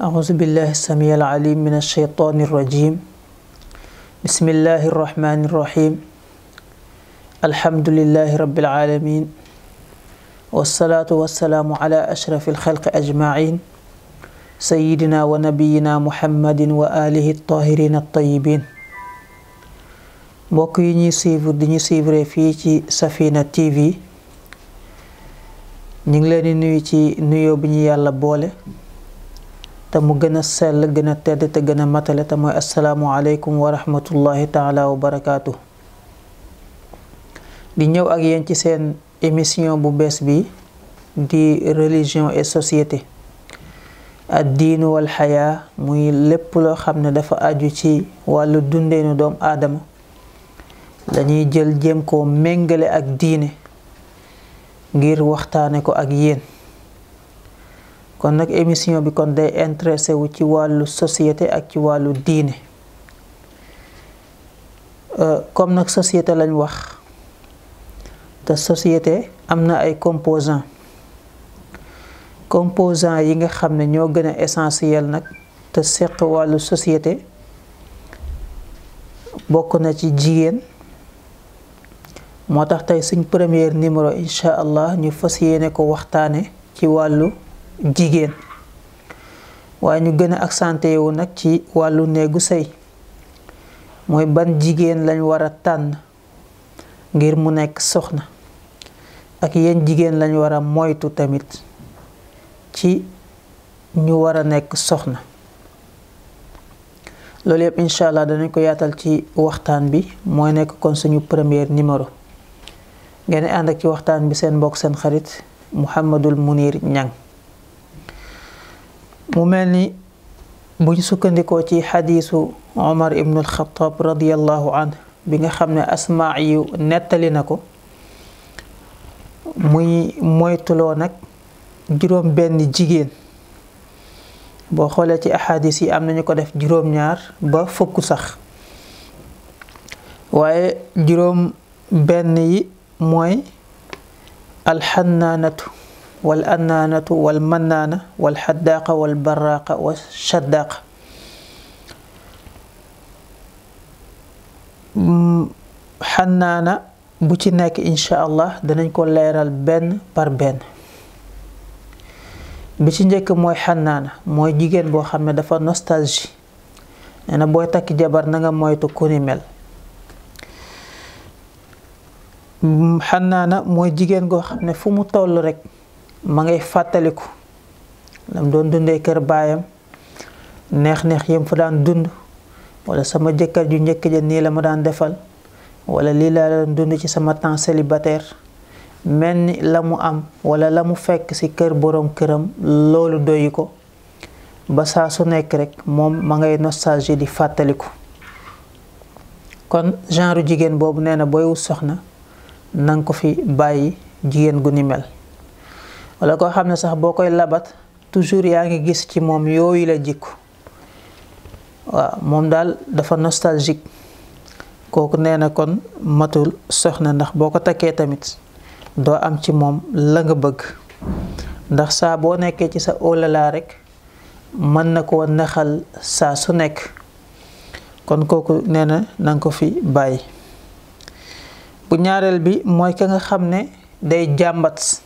أعوذ بالله السميع العليم من الشيطان الرجيم بسم الله الرحمن الرحيم الحمد لله رب العالمين والصلاة والسلام على أشرف الخلق أجمعين سيدنا ونبينا محمد وآله الطاهرين الطيبين موكيني yi ديني suivre di سفينة تي في نيو بني TV ñu te mu gën a sell gën a tedd te gën a matale te mooy asalaamualeykum wa rahmatullahi taala wa barakaatu. di ñëw ak yéen ci seen émission bu bees bi di religion et société ad diinu wal xayaa muy lépp loo xam ne dafa aju ci wàllu dundeenu doom aadama dañuy jël jéem koo méngale ak diine ngir waxtaane ko ak yéen kon nag émission bi kon day intéressé wu ci wàllu société ak ci wàllu diine euh, comme nag société lañ wax te société am na ay composants composants yi nga xam ne ñoo gën a essentiel nag te seq wàllu société bokk na ci jigéen moo tax tey suñ première numéro incha allah ñu fas yéene ko waxtaane ci wàllu jigéen waaye ñu gën a accenté wu nag ci wàllu néegu sëy mooy ban jigéen lañ war a tànn ngir mu nekk soxna ak yenn jigéen lañu war a moytu tamit ci ñu war a nekk soxna loolu yëpp incha allah danañ ko yaatal ci waxtaan bi mooy nekk kon suñu premier numéro ngeen ànd ak ci waxtaan bi seen mbokk seen xarit Mouhamadul Mounir Niang mu mel ni buñ sukkandikoo ci xadiisu Omar ibnul Xataab radiyallahu anhu bi nga xam ne asmaa yu nettali na ko muy moytuloo nag juróom benn jigéen boo xoolee ci axadis yi am nañu ko def juróom-ñaar ba fukk sax waaye juróom benn yi mooy alxannaanatu wal annaanatu wal mannaana wal xaddaaqa wal baraaqa wa shaddaaqa xannaana bu ci nekk incha allah danañ ko leeral benn par benn bi ci njëkk mooy xannaana mooy jigéen boo xam ne dafa nostalgie nee booy takk jabar na moytu ku ni mel xannaana mooy jigéen goo xam ne fu mu toll rekk ma ngay fàttaliku dam doon dundee kër baayam neex-neex yam fa daan dund walla sama jëkkër ju njëkk ja nii la ma daan defal wala lii laa doon dund ci sama temps célibataire mel ni la mu am walla la mu fekk ci kër boroom këram loolu doyu ko ba saa su nekk rek moom ma ngay nostalgie di fàttaliku kon genre jigéen boobu nee na booy wut soxna nanga ko fi bàyyi jigéen gu ni mel walla koo xam ne sax boo koy labat toujours yaa ngi gis ci moom yooyu la jikko waaw moom daal dafa nostalgique kooku nee na kon matul soxna ndax boo ko takkee tamit doo am ci moom la nga bëgg ndax saa boo nekkee ci sa óolalaa oh rekk mën na koo naxal saa su nekk kon kooku nee na na ko fi bàyyi bu ñaareel bi mooy ka nga xam ne day jàmbat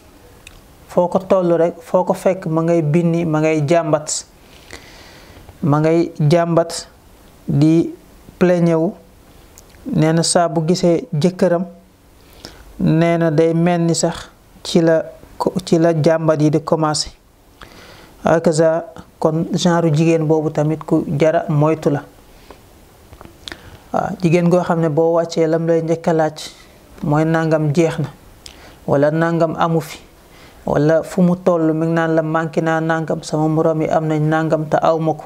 foko ko toll rek foko fek ma ngay binni ma ngay jambat ma ngay jambat di plaigner nena sa bu gisee jëkkëram nee day melni sax ci la ci la jambat yi di commencé akaza kon genre jigen bobu tamit ku jara moytu la Jigen go xamne bo wacce lam lay njëkk moy nangam jeexna wala nangam amu wala fu mu toll mi ngi naan la manqué naa nangam sama moroom yi am nañ nangam te aw ma ko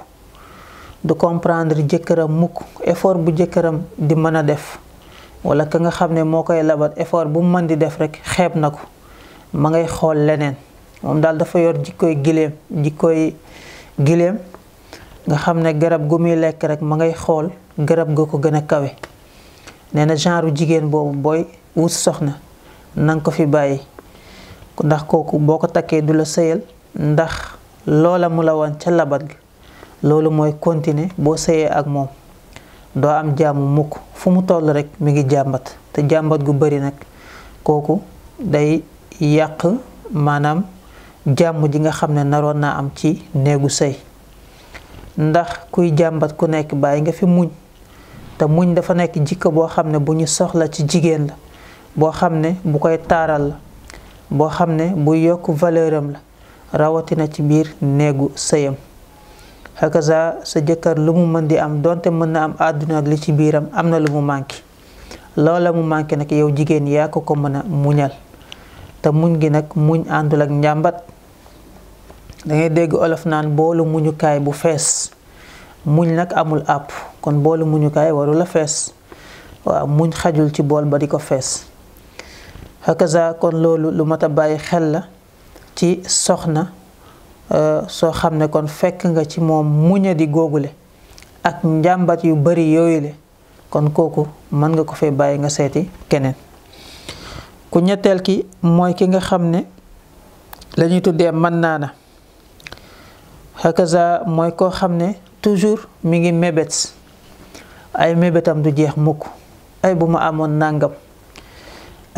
du comprendre jëkkëram mukk effort bu jëkkëram di mën a def wala ka nga xam ne moo koy labat effort bu mu mën di def rek xeeb na ko ma ngay xool leneen moom daal dafa yor jikkooy giléem jikkooy giléem nga xam ne garab gu muy lekk rek ma ngay xool garab ga ko gën a kawe nee na genre jigéen boobu booy wut soxna nanga ko fi bàyyi ndax kooku boo ko takkee du la sëyal ndax loola mu la wan ca labat gi loolu mooy continuer boo sëyee ak moom doo am jaamu mukk fu mu toll rek mu ngi jàmbat te jàmbat gu bari nag kooku day yàq maanaam jàmm ji nga xam ne naroon naa am ci néegu sëy ndax kuy jàmbat ku nekk bàyyi nga fi muñ te muñ dafa nekk jikko boo xam ne bu ñu soxla ci jigéen la boo xam ne bu koy taaral la boo xam ne bu yokk valeuram la rawatina ci biir néegu sëyam hakaza sa jëkkër lu mu mën di am donte mën na am àdduna li ci biiram am na lu mu manqué loola mu manqué nag yow jigéen yaa ko ko mën a muñal te muñ gi nag muñ àndul ak njàmbat dangay dégg olof naan boolu muñukaay bu fees muñ nag amul àpp kon boolu muñukaay warul a fees waaw muñ xajul ci bool ba di ko fees hakaza kon loolu lu mat a bàyyi xel la ci soxna euh, soo xam ne kon fekk nga ci moom muña di googule ak njàmbat yu bari yooyule kon kooku mën nga ko fee bàyyi nga seeti keneen ku ñetteel ki mooy ki nga xam ne lañuy tuddee mën naa na hakaza mooy koo xam ne toujours mi ngi mébét ay mébétam du jeex mukk ay bu ma amoon nangam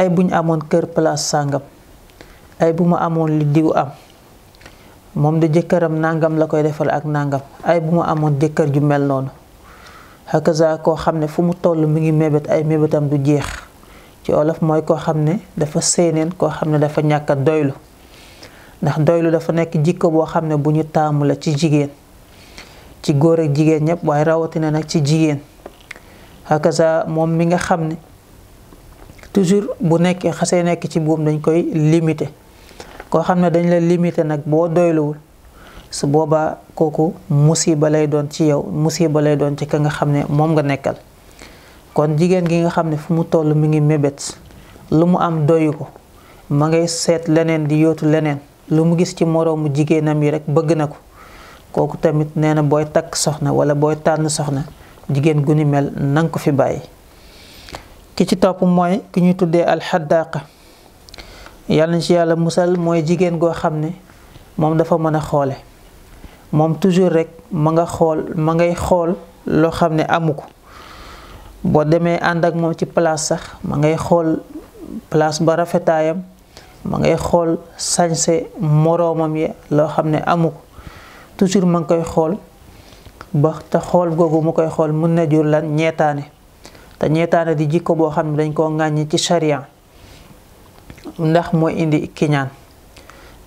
ay bu ñu amoon kër place sàngam ay bu ma amoon li diw am moom de jëkkëram nangam la koy defal ak nangam ay bu ma amoon jëkkër ju mel noonu hakaza koo xam ne fu mu toll mi ngi mébét ay mébétam du jeex ci olof mooy koo xam ne dafa séeneen koo xam ne dafa ñàkk doylu ndax doylu dafa nekk jikko boo xam ne bu ñu taamu la ci jigéen ci góor ak jigéen ñëpp waaye rawatina nag ci jigéen hakaza moom mi nga xam ne toujours bu nekkee xasee nekk ci buum dañ koy limité koo xam ne dañ la limité nag boo doyluwul su boobaa kooku musiba lay doon ci yow musiba lay doon ci ka nga xam ne moom nga nekkal kon jigéen gi nga xam ne fu mu toll mi ngi mébét lu mu am doyu ko ma ngay seet leneen di yootu leneen lu mu gis ci moroomu jigéenam yi rek bëgg na ko kooku tamit nee na booy takk soxna wala booy tànn soxna jigéen gu ni mel nanga ko fi bàyyi ki ci topp mooy ki ñuy tuddee alxaddaqa yàlla na ci yàlla musal mooy jigéen goo xam ne moom dafa mën a xoole moom toujours rek ma nga xool ma ngay xool loo xam ne amu ko boo demee ànd ak moom ci place sax ma ngay xool place ba rafetaayam ma ngay xool sañse moroomam ya loo xam ne amu ko toujours ma ngi koy xool ba te xool googu mu koy xool mën na jur lan ñeetaane te ñeetaane di jikko boo xam ne dañ koo ŋàññi ci sharia ndax mooy indi kiñaan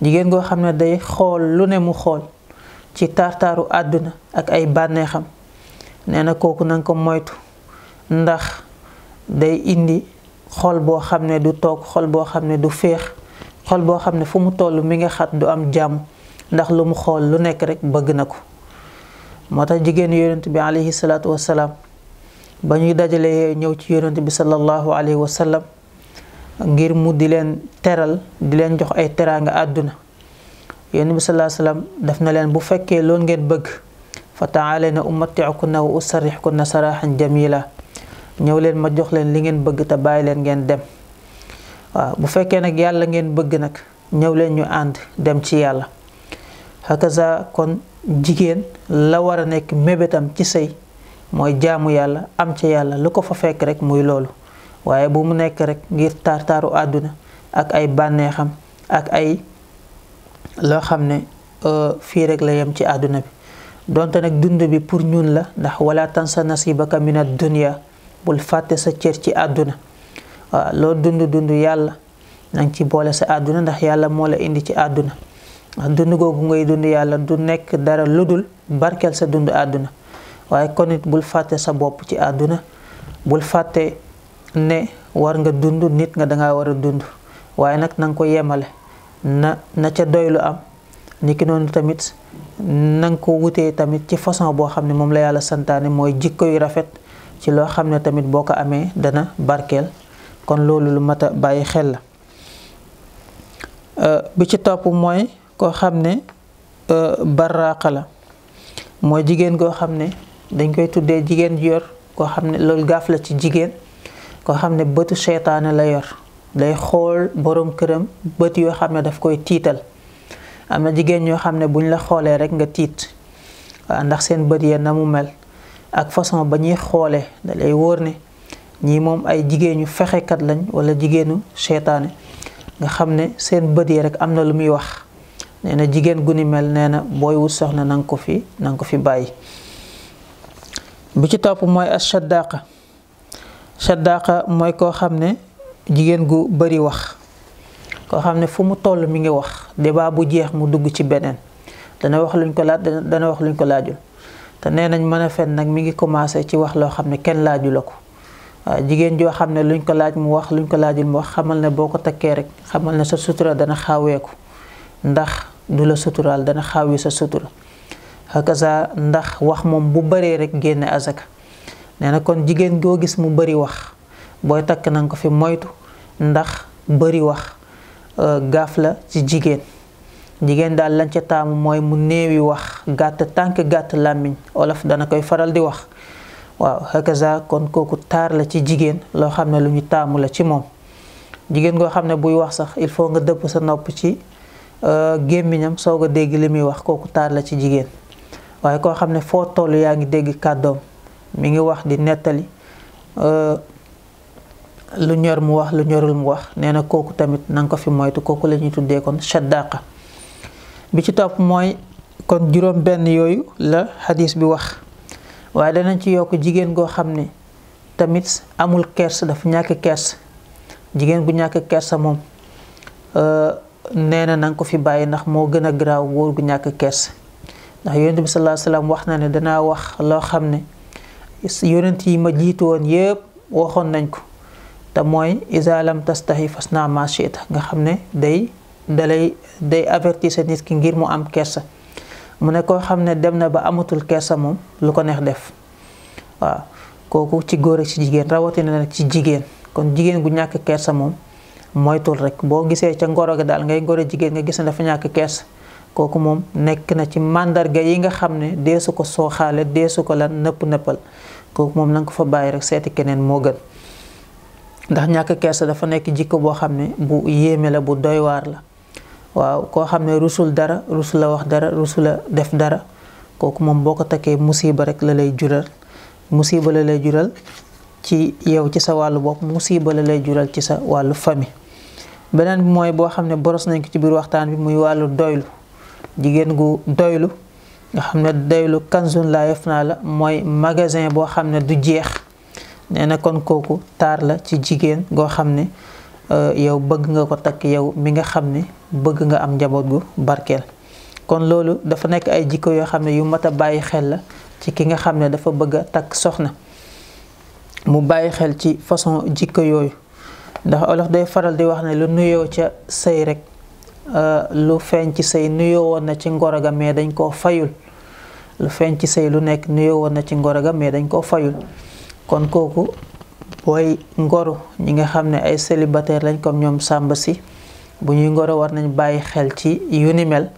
jigéen goo xam ne day xool lu ne mu xool ci tartaaru àdduna ak ay bànneexam nee na kooku nanga ko moytu ndax day indi xool boo xam ne du toog xol boo xam ne du féex xol boo xam ne fu mu toll mi nga xat du am jàmm ndax lu mu xool lu nekk rek bëgg na ko moo tax jigéen yonent bi alayhi salaatu wasalaam ba ñuy dajalee ñëw ci yonent bi sallallahu alayhi wa sallam ngir mu di leen teral di leen jox ay teraanga àdduna yonent bi sallallahu alayhi wa na leen bu fekkee loolu ngeen bëgg fa taalayna umatti'kunna wa usarrihkunna sarahan jamila ñëw leen ma jox leen li ngeen bëgg te bàyyi leen ngeen dem waaw bu fekkee nag yàlla ngeen bëgg nag ñëw leen ñu ànd dem ci yàlla hakaza kon jigéen la war a nekk mébétam ci sëy mooy jaamu yàlla am ca yàlla lu ko fa fekk rek muy loolu waaye bu mu nekk rek ngir taar-taaru àdduna ak ay bànneexam ak ay loo xam ne euh, fii rek la yem ci àdduna bi donte nag dund bi pour ñun la ndax wala tansa nasibaka mina dunya bul fàtte sa cër ci àdduna loo dund dund yàlla nang ci boole sa àdduna ndax yàlla moo indi ci àdduna ndax dund googu ngay dund yàlla du nekk dara lu dul barkeel sa dund àdduna waye kon it bul faté sa bop ci aduna bul faté ne war nga dund nit nga danga nga wara dund waye nak na ko na na ca doylu am niki non tamit nang ko wuté tamit ci façon bo xamné ne la yalla santane moy jikko yu rafet ci lo xamné ne tamit boko amé dana barkel kon loolu lu mata baye xel la euh, bi ci top moy ko xamné ne euh, barraqala moy jigen go xamné dañ koy tuddee jigéen ji yor koo xam ne loolu gaaf la ci jigéen koo xam ne bëtu seytaane la yor day xool borom këram bët yoo xam ne daf koy tiital am na jigéen ñoo xam ne buñ la xoolee rek nga tiit waaw ndax seen bët yee na mu mel ak façon ba ñuy xoolee da wóor ne ñii moom ay jigéenu fexekat lañ wala jigéenu seytaane nga xam ne seen bët yi rek am na lu muy wax nee na jigéen gu ni mel nee na booy wut soxna na ko fi na ko fi bàyyi. bu ci topp mooy as shaddaqa shaddaqa mooy koo xam ne jigéen gu bari wax koo xam ne fu mu toll mi ngi wax débat bu jeex mu dugg ci beneen dana wax luñ ko laaj dana wax luñ ko laajul te nee nañ mën a fen nag mi ngi commencé ci wax loo xam ne kenn laaju la ko waaw jigéen joo xam ne luñ ko laaj mu wax luñ ko laajul mu wax xamal ne boo ko takkee rek xamal ne sa sutura dana xaweeku ndax du la suturaal dana xawi sa sutura hakaza ndax wax moom bu baree rek génne azaka nee na kon jigéen goo gis mu bari wax booy takk nanga ko fi moytu ndax bari wax euh, gaaf la ci jigéen jigéen daal lañ ca taamu mooy mu néewi wax gàtt tànk gàtt làmmiñ olof dana koy faral di wax waaw hakaza kon kooku taar la ci jigéen loo xam ne lu ñu taamu la ci moom jigéen goo xam ne buy wax sax il faut nga dëpp sa nopp ci euh, gémmiñam soog a dégg li muy wax kooku taar la ci jigéen waye ko xamne foto foo toll yaa ngi mi ngi wax di Natali, euh, lu ñor mu wax lu ñorul mu wax neena koku tamit nang ko fi moytu koku lañuy tuddé kon shaddaqa bi ci top moy kon juróom ben yoyu la hadith bi wax da nañ ci yokk jigen go xamne tamit amul kers dafa ñàkk kers jigen bu ñàkk kers mom euh na nang ko fi baye ndax mo gëna graw woor gu kers ndax yonent bi sallallahu alayhi wax na ne danaa wax loo xam ne yonent yi ma jiitu woon yépp waxoon nañ ko te mooy iza lam fas fasna ma tax nga xam ne day dalay day avertir sa nit ki ngir mu am kersa mu ne koo xam ne dem na ba amatul kersa moom lu ko neex def waaw kooku ci góor ak ci jigéen rawatina nag ci jigéen kon jigéen gu ñàkk kersa moom moytul rek boo gisee ca ngoro ga daal ngay ngoro jigéen nga gis ne dafa ñàkk kersa kooku moom nekk na ci màndarga yi nga xam ne deesu ko sooxaale deesu ko lan nëpp nëppal kooku moom na nga ko fa bàyyi rek seeti keneen moo gën ndax ñàkk kersa dafa nekk jikko boo xam ne bu yéeme la bu doy la waaw koo xam ne rusul dara rusul la wax dara rusul la def dara kooku moom boo ko takkee musiba rek la lay jural musiba la lay jural ci yow ci sa wàllu bopp musiba la lay jural ci sa wàllu famille beneen bi mooy boo xam ne boros nañ ko ci biir waxtaan bi muy wàllu doylu jigéen gu doylu nga xam ne doylu kanzun laa yëf naa la mooy magasin boo xam ne du jeex nee na kon kooku taar la ci jigéen goo xam ne euh, yow bëgg nga ko takk yow mi nga xam ne bëgg nga am njaboot gu barkeel kon loolu dafa nekk ay jikko yoo xam ne yu mat a bàyyi xel la ci ki nga xam ne dafa bëgg takk soxna mu bàyyi xel ci façon jikko yooyu ndax olof day faral di wax ne lu nuyoo ca sëy rekk Euh, lu feeñ ci sëy nuyoo woon na ci ngoro ga mais dañ koo fayul lu feeñ ci sëy lu nekk nuyoo woon na ci ngoro ga mais dañ koo fayul kon kooku booy ngoro ñi nga xam ne ay célibataire lañ comme ñoom Samba si bu ñuy ngoro war nañ bàyyi xel ci yu mel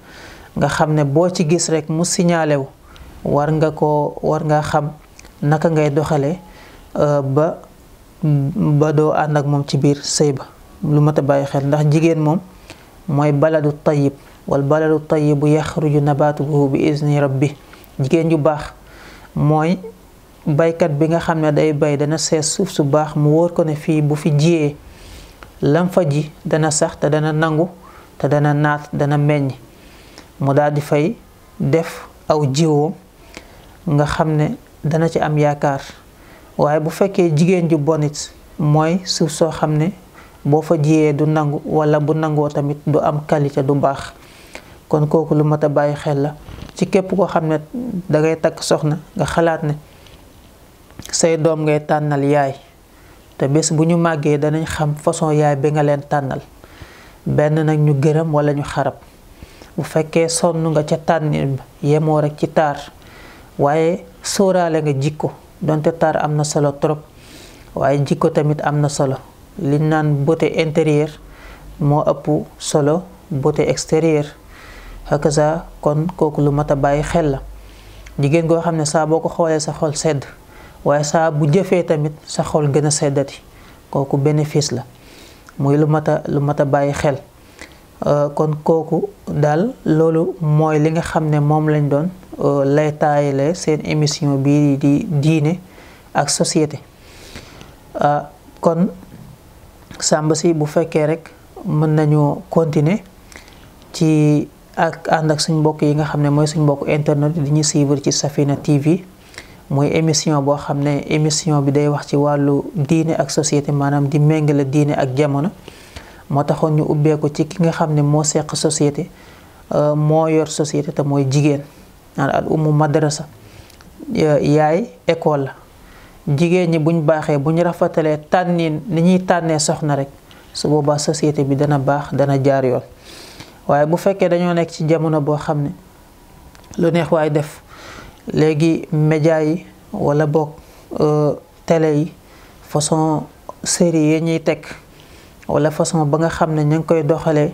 nga xam ne boo ci gis rek mu signalé wu war nga ko war nga xam naka ngay doxalee euh, ba ba doo ànd ak moom ci biir sëy ba lu mat a bàyyi xel ndax jigéen moom mooy baladu tayyib wal baladu tayyibu yaxruju nabaatuhu bi izni bi jigéen ju baax mooy baykat bi nga xam ne day bay dana sees suuf su baax mu wóor ko ne fii bu fi jiyee lam ji dana sax te dana nangu te dana naat dana meññ mu daal di fay def aw jiwoom nga xam ne dana ci am yaakaar waaye bu fekkee jigéen ju bonit mooy suuf soo xam ne bo fa jiyee du nangu wala bu nangoo tamit du am qualité du bax kon koku lu mata baye xel la ci kep ko xam da ngay tak soxna nga xalaat ne say dom ngay tanal yaay te bés bu ñu màggee danañ xam façon yaay bi nga len tanal ben nak ñu gëreem wala ñu xarab bu fekkee sonu nga ci rek ci tar nga jikko donte tar amna solo trop waye jikko tamit amna solo liñ naan beauté intérieure moo ëpp solo beauté extérieure sa kon kooku lu mat a bàyyi xel la jigéen koo xam ne saa boo ko xoolee sa xol sedd waaye saa bu jëfee tamit sa xol gën a seddati kooku bénéfice la muy lu mat lu mat a bàyyi xel euh, kon kooku daal loolu mooy li nga xam ne moom lañ doon euh, lay taayale seen émission bii di diine ak société euh, kon sàmba si bu fekkee rek mën nañu continuer ci ak ànd ak suñ mbokk yi nga xam ne mooy suñ mbokk internet di ñu suivre ci Safina TV mooy émission boo xam ne émission bi day wax ci wàllu diine ak société maanaam di méngale diine ak jamono moo taxoon ñu ubbeeku ci ki nga xam ne moo seq société euh, moo yor société te mooy jigéen al umu madrasa euh, yaay école la jigéen ñi buñ baaxee buñ rafetalee tànnin ni ñuy tànnee soxna rek su boobaa société bi dana baax dana jaar yoon waaye bu fekkee dañoo nekk ci jamono boo xam ne lu neex waay def léegi média yi wala boog euh, télé yi façon série yi ñuy teg wala façon ba nga xam ne ña ngi koy doxalee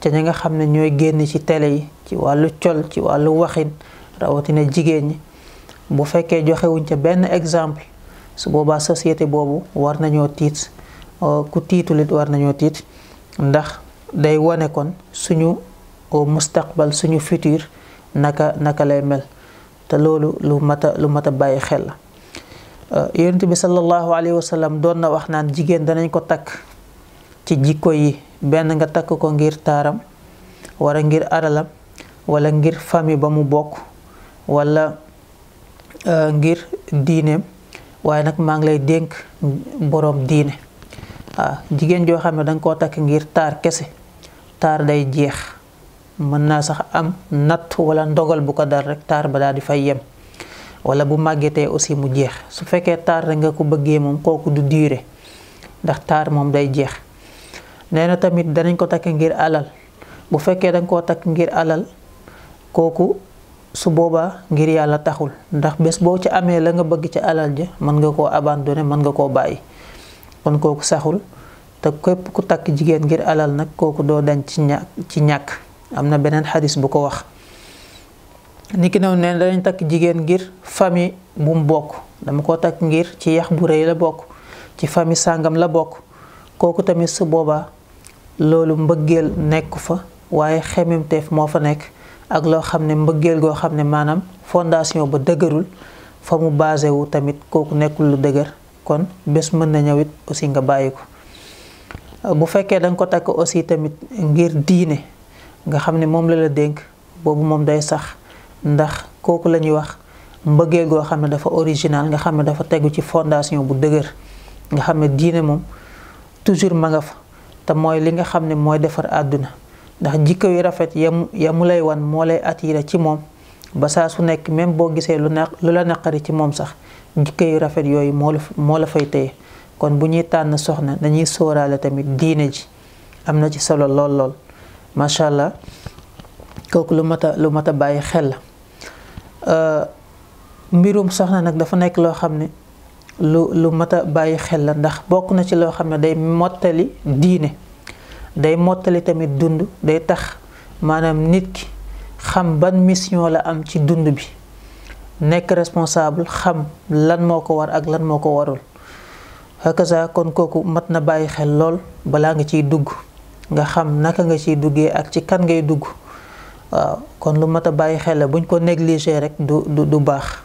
ca ña nga xam ne ñooy génn ci télé yi ci wàllu col ci wàllu waxin rawatina jigéen ñi bu fekkee joxewuñ ca benn exemple su boobaa société boobu war nañoo tiit euh, ku tiitulit war nañoo tiit ndax day wane kon suñu mustaqbal suñu futur naka naka lay mel te loolu lu mat a lu mat bàyyi xel la euh, yonent bi sallallahu alayhi wa sallam doon na wax naan jigéen danañ ko takk ci jikko yi benn nga takk ko ngir taaram wara ngir aralam walla ngir famille ba mu bokk walla euh, ngir diineem waye nak ma ngi lay borom diine ah jigen jo xamne dang ko koo ngir tar kese tar day jeex man na sax am nat wala ndogal bu ko dar rek tar ba daal di fay yem wala bu magete aussi mu jeex su fekke tar nga ko beugé mom koku du duré ndax tar mom day jeex neena tamit dañ ko tak ngir alal bu fekke dang koo tak ngir alal koku su boba ngir yalla taxul ndax bes bo ci amé la nga bëgg ci alal ja man nga ko abandonné man nga ko bayyi kon koku saxul te kep ku tak jigen ngir alal nak koku doo dañ ci ñak ci ñàkk am na beneen bu ko wax niki noonu neen dañ tak jigen ngir fami bu mu bok dama ko tak ngir ci yah bu reey la bok ci fami sangam la bok koku tamit su boba lolu mbeugel nekku fa xemem tef mo fa nekk ak loo xam ne mbëggeel goo xam ne maanaam fondation ba dëgërul fa mu basé wu tamit kooku nekkul lu dëgër kon bés mën na ñëw it aussi nga bàyyi ko bu fekkee da nga ko takk aussi tamit ngir diine nga xam ne moom la la dénk boobu moom day sax ndax kooku la ñuy wax mbëggeel goo xam ne dafa original nga xam ne dafa tegu ci fondation bu dëgër nga xam ne diine moom toujours ma nga fa te mooy li nga xam ne mooy defar àdduna ndax jikko yu rafet yam ya mu lay wan moo lay attiré ci moom ba saa su nekk même boo gisee lu na lu la naqari ci moom sax jikko yu rafet yooyu moo la moo la fay téye kon bu ñuy tànn soxna dañuy sooraale tamit diine ji am na ci solo lool lool macha allah kooku lu mat a lu mat a bàyyi xel la euh, mbirum soxna nag dafa nekk loo xam ne lu lu mat a bàyyi xel la ndax bokk na ci loo xam ne day mottali diine day mottali tamit dund day tax maanaam nit ki xam ban mission la am ci dund bi nekk responsable xam lan moo ko war ak lan moo ko warul hakaza kon kooku mat na bàyyi xel lool balaa nga ciy dugg nga xam naka nga ciy duggee ak ci kan ngay dugg waaw kon lu mat a bàyyi xel la buñ ko négligé rek du du du baax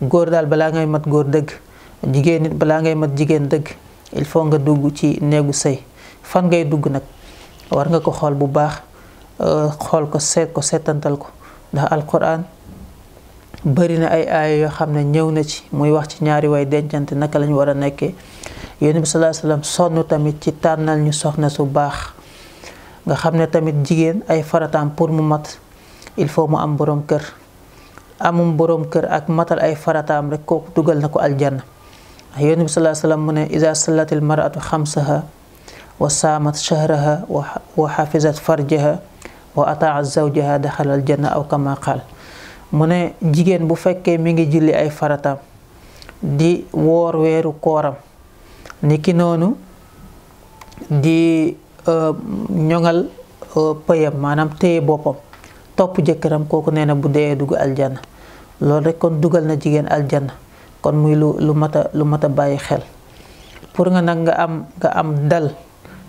góor daal balaa ngay mat góor dëgg jigéen nit balaa ngay mat jigéen dëgg il faut nga dugg ci néegu sëy fan ngay dugg nag war nga ko xol bu baax xol ko set ko setantal ko ndax alquran bari na ay aaya yo xamne ñëw na ci muy wax ci ñaari way dencante naka lañu wara nekké nekkee bi sallallahu alayhi wasallam sonu tamit ci tanal ñu soxna su baax nga xamne tamit jigen ay faratam pour mu mat il faut mu am borom kër amum borom kër ak matal ay faratam rek ko dugal nako aljanna yonent bi sallallahu alayhi wasallam mu ne iza sallatil mar'atu khamsaha وصامت شهرها wa فرجها وأطاعت زوجها دخل الجنة أو كما قال mu ne jigéen bu fekkee mi ngi julli ay faratam di woor weeru kooram niki noonu di nyongal euh, euh, payam maanaam téye boppam topu jëkkëram kooku nee na bu dee dugg aljanna loolu rek kon dugal na jigéen aljanna kon muy lumata lu mata lu mata gaam gaam dal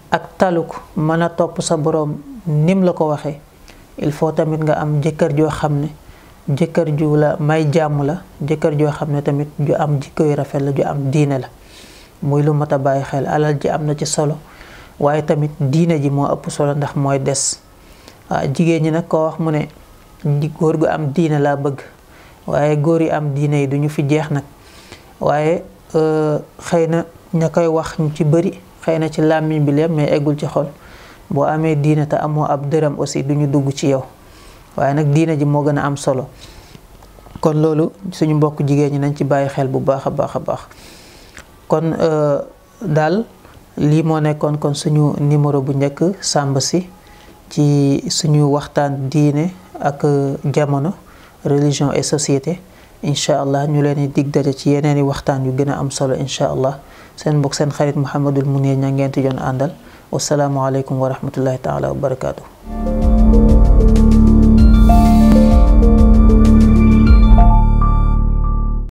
ak taluk mën a topp sa boroom nim la ko waxee il faut tamit nga am jëkkër joo xam ne jëkkër ju la may jàmm la jëkkër joo xam ne tamit ju am jikko yu rafet la ju am diine la muy lu mat a bàyyi xel alal ji am na ci solo waaye tamit diine ji moo ëpp solo ndax mooy des waaw ah, jigéen ñi nag koo wax mu ne góor gu am diine laa bëgg waaye góor yi am diine yi duñu fi jeex nag waaye euh, xëy na ña koy wax ñu ci bari xëy na ci làmmiñ bi leem mais eggul ci xol boo amee diina te amoo ab dërëm aussi du ñu dugg ci yow waaye nag diina ji moo gën a am solo kon loolu suñu mbokk jigéen ñi nañ ci bàyyi xel bu baax a baax a baax kon euh, daal lii moo nekkoon kon suñu numéro bu njëkk sàmb si ci suñu waxtaan diine ak euh, jamono religion et société incha allah ñu leen di dig daje ci yeneen i waxtaan yu gën a am solo incha allah سين بوك سين خالد محمد المنير نانجين تجون أندل والسلام عليكم ورحمة الله تعالى وبركاته